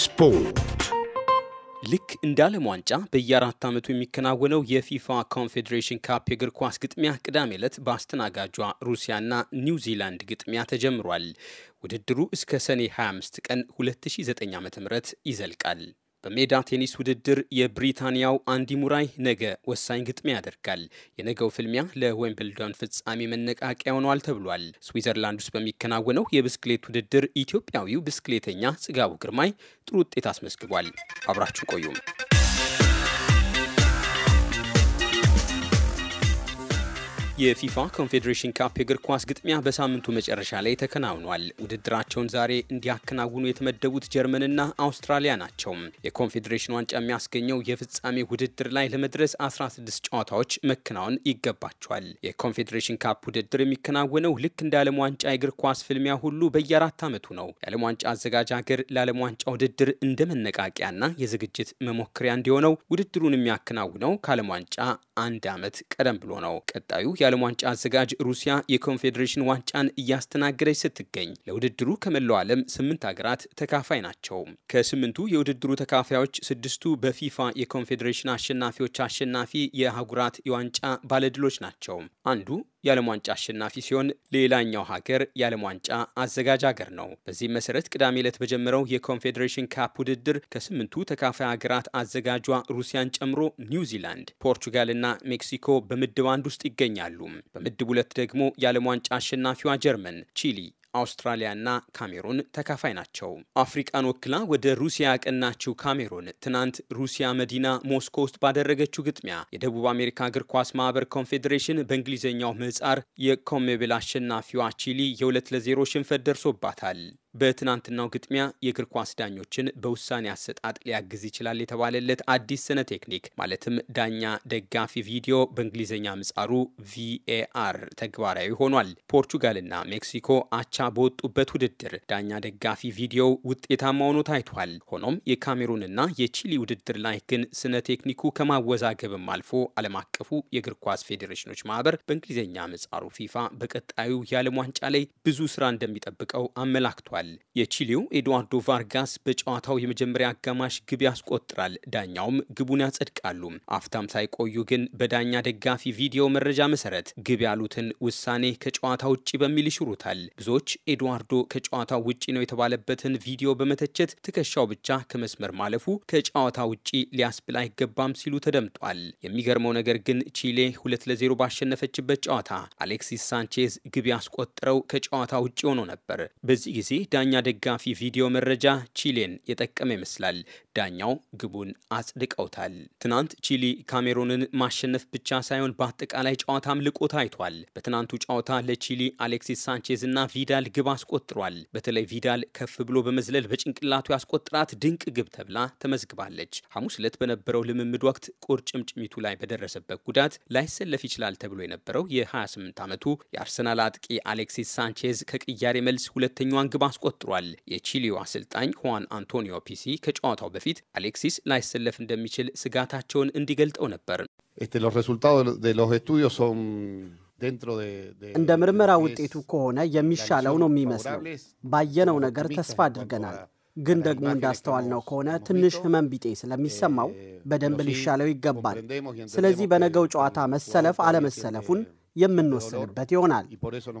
ስፖርት ልክ እንደ ዓለም ዋንጫ በየአራት ዓመቱ የሚከናወነው የፊፋ ኮንፌዴሬሽን ካፕ የእግር ኳስ ግጥሚያ ቅዳሜ ዕለት በአስተናጋጇ ሩሲያና ኒውዚላንድ ግጥሚያ ተጀምሯል። ውድድሩ እስከ ሰኔ 25 ቀን 2009 ዓ.ም ይዘልቃል። በሜዳ ቴኒስ ውድድር የብሪታንያው አንዲ ሙራይ ነገ ወሳኝ ግጥሚያ ያደርጋል። የነገው ፍልሚያ ለዌምብልዶን ፍጻሜ መነቃቂያ ሆኗል ተብሏል። ስዊዘርላንድ ውስጥ በሚከናወነው የብስክሌት ውድድር ኢትዮጵያዊው ብስክሌተኛ ጽጋቡ ግርማይ ጥሩ ውጤት አስመዝግቧል። አብራችሁ ቆዩም የፊፋ ኮንፌዴሬሽን ካፕ የእግር ኳስ ግጥሚያ በሳምንቱ መጨረሻ ላይ ተከናውኗል። ውድድራቸውን ዛሬ እንዲያከናውኑ የተመደቡት ጀርመንና አውስትራሊያ ናቸው። የኮንፌዴሬሽን ዋንጫ የሚያስገኘው የፍጻሜ ውድድር ላይ ለመድረስ 16 ጨዋታዎች መከናወን ይገባቸዋል። የኮንፌዴሬሽን ካፕ ውድድር የሚከናወነው ልክ እንደ ዓለም ዋንጫ የእግር ኳስ ፍልሚያ ሁሉ በየአራት ዓመቱ ነው። የዓለም ዋንጫ አዘጋጅ ሀገር ለዓለም ዋንጫ ውድድር እንደ መነቃቂያና የዝግጅት መሞክሪያ እንዲሆነው ውድድሩን የሚያከናውነው ከዓለም ዋንጫ አንድ ዓመት ቀደም ብሎ ነው። ቀጣዩ የዓለም ዋንጫ አዘጋጅ ሩሲያ የኮንፌዴሬሽን ዋንጫን እያስተናገደች ስትገኝ ለውድድሩ ከመላው ዓለም ስምንት ሀገራት ተካፋይ ናቸው። ከስምንቱ የውድድሩ ተካፋዮች ስድስቱ በፊፋ የኮንፌዴሬሽን አሸናፊዎች አሸናፊ የአህጉራት የዋንጫ ባለድሎች ናቸው። አንዱ የዓለም ዋንጫ አሸናፊ ሲሆን ሌላኛው ሀገር የዓለም ዋንጫ አዘጋጅ ሀገር ነው። በዚህ መሰረት ቅዳሜ ዕለት በጀመረው የኮንፌዴሬሽን ካፕ ውድድር ከስምንቱ ተካፋይ ሀገራት አዘጋጇ ሩሲያን ጨምሮ ኒውዚላንድ፣ ፖርቹጋልና ሜክሲኮ በምድብ አንድ ውስጥ ይገኛሉ። በምድብ ሁለት ደግሞ የዓለም ዋንጫ አሸናፊዋ ጀርመን፣ ቺሊ አውስትራሊያና ካሜሩን ተካፋይ ናቸው። አፍሪቃን ወክላ ወደ ሩሲያ ያቀናችው ካሜሩን ትናንት ሩሲያ መዲና ሞስኮ ውስጥ ባደረገችው ግጥሚያ የደቡብ አሜሪካ እግር ኳስ ማህበር ኮንፌዴሬሽን በእንግሊዝኛው ምህጻር የኮሜቤል አሸናፊዋ ቺሊ የሁለት ለዜሮ ሽንፈት ደርሶባታል። በትናንትናው ግጥሚያ የእግር ኳስ ዳኞችን በውሳኔ አሰጣጥ ሊያግዝ ይችላል የተባለለት አዲስ ስነ ቴክኒክ ማለትም ዳኛ ደጋፊ ቪዲዮ በእንግሊዝኛ ምጻሩ ቪኤአር ተግባራዊ ሆኗል። ፖርቹጋልና ሜክሲኮ አቻ በወጡበት ውድድር ዳኛ ደጋፊ ቪዲዮ ውጤታማ ሆኖ ታይቷል። ሆኖም የካሜሩንና የቺሊ ውድድር ላይ ግን ስነ ቴክኒኩ ከማወዛገብም አልፎ ዓለም አቀፉ የእግር ኳስ ፌዴሬሽኖች ማህበር በእንግሊዝኛ ምጻሩ ፊፋ በቀጣዩ የዓለም ዋንጫ ላይ ብዙ ስራ እንደሚጠብቀው አመላክቷል። ተገኝተዋል። የቺሊው ኤድዋርዶ ቫርጋስ በጨዋታው የመጀመሪያ አጋማሽ ግብ ያስቆጥራል፣ ዳኛውም ግቡን ያጸድቃሉ። አፍታም ሳይቆዩ ግን በዳኛ ደጋፊ ቪዲዮ መረጃ መሰረት ግብ ያሉትን ውሳኔ ከጨዋታ ውጭ በሚል ይሽሩታል። ብዙዎች ኤድዋርዶ ከጨዋታው ውጭ ነው የተባለበትን ቪዲዮ በመተቸት ትከሻው ብቻ ከመስመር ማለፉ ከጨዋታ ውጭ ሊያስብል አይገባም ሲሉ ተደምጧል። የሚገርመው ነገር ግን ቺሌ ሁለት ለዜሮ ባሸነፈችበት ጨዋታ አሌክሲስ ሳንቼዝ ግብ ያስቆጥረው ከጨዋታ ውጭ ሆኖ ነበር። በዚህ ጊዜ ዳኛ ደጋፊ ቪዲዮ መረጃ ቺሌን የጠቀመ ይመስላል። ዳኛው ግቡን አጽድቀውታል። ትናንት ቺሊ ካሜሩንን ማሸነፍ ብቻ ሳይሆን በአጠቃላይ ጨዋታም ልቆ ታይቷል። በትናንቱ ጨዋታ ለቺሊ አሌክሲስ ሳንቼዝ እና ቪዳል ግብ አስቆጥሯል። በተለይ ቪዳል ከፍ ብሎ በመዝለል በጭንቅላቱ ያስቆጥራት ድንቅ ግብ ተብላ ተመዝግባለች። ሐሙስ ዕለት በነበረው ልምምድ ወቅት ቁርጭምጭሚቱ ላይ በደረሰበት ጉዳት ላይሰለፍ ይችላል ተብሎ የነበረው የ28 ዓመቱ የአርሰናል አጥቂ አሌክሲስ ሳንቼዝ ከቅያሬ መልስ ሁለተኛዋን ግብ አስቆጥሯል። የቺሊው አሰልጣኝ ሁዋን አንቶኒዮ ፒሲ ከጨዋታው በፊት አሌክሲስ ላይሰለፍ እንደሚችል ስጋታቸውን እንዲገልጠው ነበር። እንደ ምርመራ ውጤቱ ከሆነ የሚሻለው ነው የሚመስለው። ባየነው ነገር ተስፋ አድርገናል። ግን ደግሞ እንዳስተዋልነው ከሆነ ትንሽ ሕመም ቢጤ ስለሚሰማው በደንብ ሊሻለው ይገባል። ስለዚህ በነገው ጨዋታ መሰለፍ አለመሰለፉን የምንወስንበት ይሆናል። mm,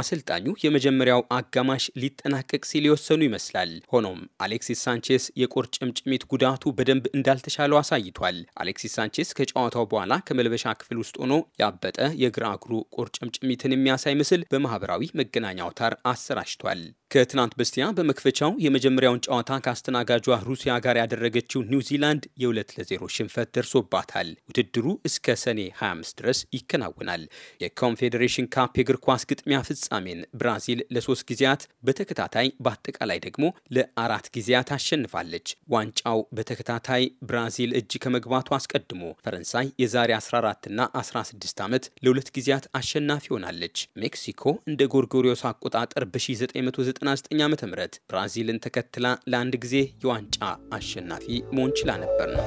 አሰልጣኙ የመጀመሪያው አጋማሽ ሊጠናቀቅ ሲል የወሰኑ ይመስላል። ሆኖም አሌክሲስ ሳንቼስ የቁርጭምጭሚት ጉዳቱ በደንብ እንዳልተሻለው አሳይቷል። አሌክሲስ ሳንቼስ ከጨዋታው በኋላ ከመልበሻ ክፍል ውስጥ ሆኖ ያበጠ የግራ እግሩ ቁርጭምጭሚትን የሚያሳይ ምስል በማህበራዊ መገናኛ አውታር አሰራጭቷል። ከትናንት በስቲያ በመክፈቻው የመጀመሪያውን ጨዋታ ከአስተናጋጇ ሩሲያ ጋር ያደረገችው ኒውዚላንድ የሁለት ለዜሮ ሽንፈት ደርሶባታል። ውድድሩ እስከ ሰኔ 25 ድረስ ይከናወናል። የኮንፌዴሬሽን ካፕ የእግር ኳስ ግጥሚያ ፍጻሜን ብራዚል ለሶስት ጊዜያት በተከታታይ በአጠቃላይ ደግሞ ለአራት ጊዜያት አሸንፋለች። ዋንጫው በተከታታይ ብራዚል እጅ ከመግባቱ አስቀድሞ ፈረንሳይ የዛሬ 14 እና 16 ዓመት ለሁለት ጊዜያት አሸናፊ ሆናለች። ሜክሲኮ እንደ ጎርጎሪዮስ አቆጣጠር በ 1999 ዓ ም ብራዚልን ተከትላ ለአንድ ጊዜ የዋንጫ አሸናፊ መሆን ችላ ነበር ነው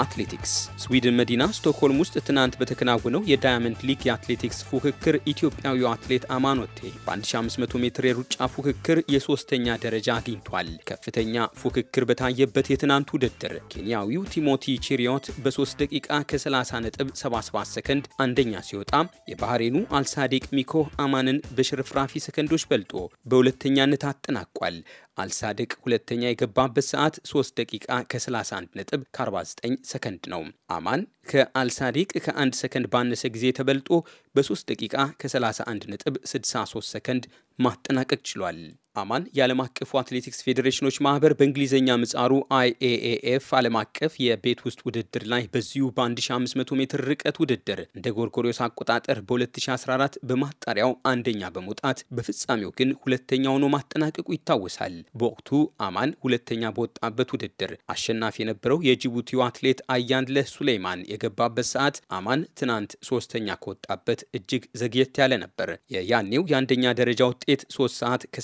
አትሌቲክስ ስዊድን መዲና ስቶክሆልም ውስጥ ትናንት በተከናወነው የዳያመንድ ሊግ የአትሌቲክስ ፉክክር ኢትዮጵያዊው አትሌት አማኖቴ በ1500 ሜትር የሩጫ ፉክክር የሶስተኛ ደረጃ አግኝቷል። ከፍተኛ ፉክክር በታየበት የትናንት ውድድር ኬንያዊው ቲሞቲ ቺሪዮት በ3 ደቂቃ ከ30.77 ሰከንድ አንደኛ ሲወጣ የባህሬኑ አልሳዴቅ ሚኮ አማንን በሽርፍራፊ ሰከንዶች በልጦ በሁለተኛነት አጠናቋል። አልሳድቅ ሁለተኛ የገባበት ሰዓት 3 ደቂቃ ከ31 ነጥብ ከ49 ሰከንድ ነው። አማን ከአልሳዲቅ ከአንድ ሰከንድ ባነሰ ጊዜ ተበልጦ በ3 ደቂቃ ከ31 ነጥብ 63 ሰከንድ ማጠናቀቅ ችሏል። አማን የዓለም አቀፉ አትሌቲክስ ፌዴሬሽኖች ማህበር በእንግሊዝኛ ምጻሩ አይኤኤኤፍ ዓለም አቀፍ የቤት ውስጥ ውድድር ላይ በዚሁ በ1500 ሜትር ርቀት ውድድር እንደ ጎርጎሪዮስ አቆጣጠር በ2014 በማጣሪያው አንደኛ በመውጣት በፍጻሜው ግን ሁለተኛ ሆኖ ማጠናቀቁ ይታወሳል። በወቅቱ አማን ሁለተኛ በወጣበት ውድድር አሸናፊ የነበረው የጅቡቲው አትሌት አያንለህ ሱሌይማን የገባበት ሰዓት አማን ትናንት ሶስተኛ ከወጣበት እጅግ ዘግየት ያለ ነበር። የያኔው የአንደኛ ደረጃ ውጤት 3 ሰዓት ከ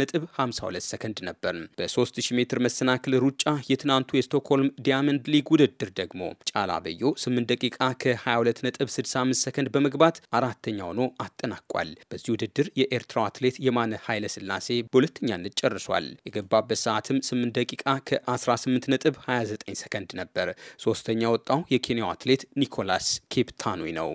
ነጥብ 52 ሰከንድ ነበር። በ3000 ሜትር መሰናክል ሩጫ የትናንቱ የስቶክሆልም ዲያመንድ ሊግ ውድድር ደግሞ ጫላ በዮ 8 ደቂቃ ከ22.65 ሰከንድ በመግባት አራተኛ ሆኖ አጠናቋል። በዚህ ውድድር የኤርትራው አትሌት የማነ ኃይለ ስላሴ በሁለተኛነት ጨርሷል። የገባበት ሰዓትም 8 ደቂቃ ከ18.29 ሰከንድ ነበር። ሶስተኛ ወጣው የኬንያው አትሌት ኒኮላስ ኬፕታኑይ ነው።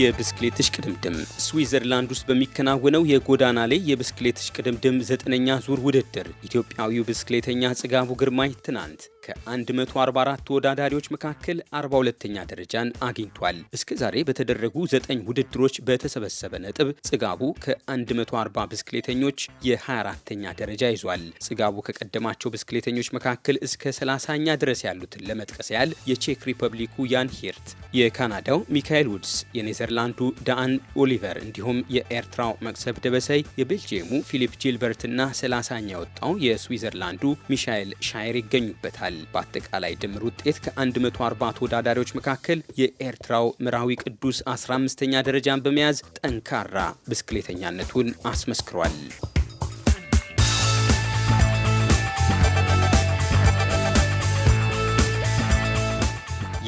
የብስክሌት እሽቅድምድም ስዊዘርላንድ ውስጥ በሚከናወነው የጎዳና ላይ የብስክሌት እሽቅድምድም ዘጠነኛ ዙር ውድድር ኢትዮጵያዊው ብስክሌተኛ ጽጋቡ ግርማይ ትናንት ከ144 ተወዳዳሪዎች መካከል 42ኛ ደረጃን አግኝቷል። እስከ ዛሬ በተደረጉ ዘጠኝ ውድድሮች በተሰበሰበ ነጥብ ጽጋቡ ከ140 ብስክሌተኞች የ24ኛ ደረጃ ይዟል። ጽጋቡ ከቀደማቸው ብስክሌተኞች መካከል እስከ 30ኛ ድረስ ያሉትን ለመጥቀስ ያህል የቼክ ሪፐብሊኩ ያን ሂርት፣ የካናዳው ሚካኤል ውድስ፣ የኔዘርላንዱ ዳአን ኦሊቨር እንዲሁም የኤርትራው መቅሰብ ደበሰይ፣ የቤልጅየሙ ፊሊፕ ጂልበርትና 30ኛ የወጣው የስዊዘርላንዱ ሚሻኤል ሻየር ይገኙበታል። ተገኝተዋል። በአጠቃላይ ድምር ውጤት ከ140 ተወዳዳሪዎች መካከል የኤርትራው ምራዊ ቅዱስ 15ኛ ደረጃን በመያዝ ጠንካራ ብስክሌተኛነቱን አስመስክሯል።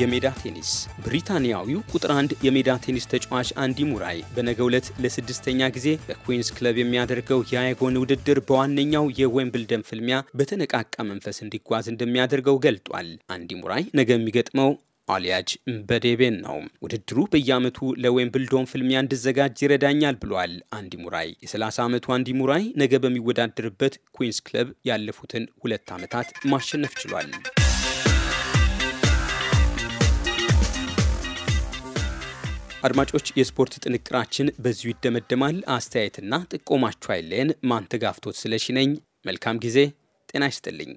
የሜዳ ቴኒስ ብሪታንያዊው ቁጥር አንድ የሜዳ ቴኒስ ተጫዋች አንዲ ሙራይ በነገ ዕለት ለስድስተኛ ጊዜ በኩዊንስ ክለብ የሚያደርገው የአይጎን ውድድር በዋነኛው የዌምብልደን ፍልሚያ በተነቃቃ መንፈስ እንዲጓዝ እንደሚያደርገው ገልጧል። አንዲ ሙራይ ነገ የሚገጥመው አሊያጅ በዴቤን ነው። ውድድሩ በየዓመቱ ለዌምብልዶን ፍልሚያ እንድዘጋጅ ይረዳኛል ብሏል አንዲ ሙራይ። የ30 ዓመቱ አንዲ ሙራይ ነገ በሚወዳደርበት ኩዊንስ ክለብ ያለፉትን ሁለት ዓመታት ማሸነፍ ችሏል። አድማጮች፣ የስፖርት ጥንቅራችን በዚሁ ይደመደማል። አስተያየትና ጥቆማችሁ አይለየን። ማንተጋፍቶት ስለሺ ነኝ። መልካም ጊዜ። ጤና ይስጥልኝ።